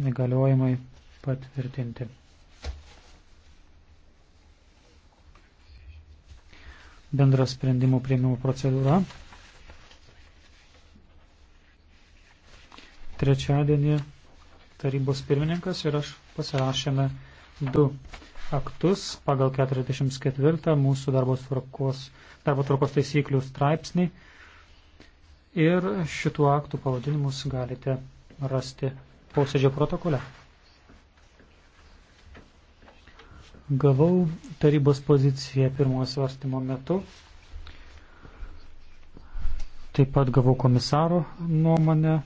įgaliojimai patvirtinti. Bendras sprendimų prieimimo procedūra. Trečiadienį tarybos pirmininkas ir aš pasirašėme du aktus pagal 44 mūsų darbo tvarkos, darbo tvarkos taisyklių straipsnį ir šitų aktų pavadinimus galite rasti posėdžio protokole. Gavau tarybos poziciją pirmojo svarstymo metu. Taip pat gavau komisaro nuomonę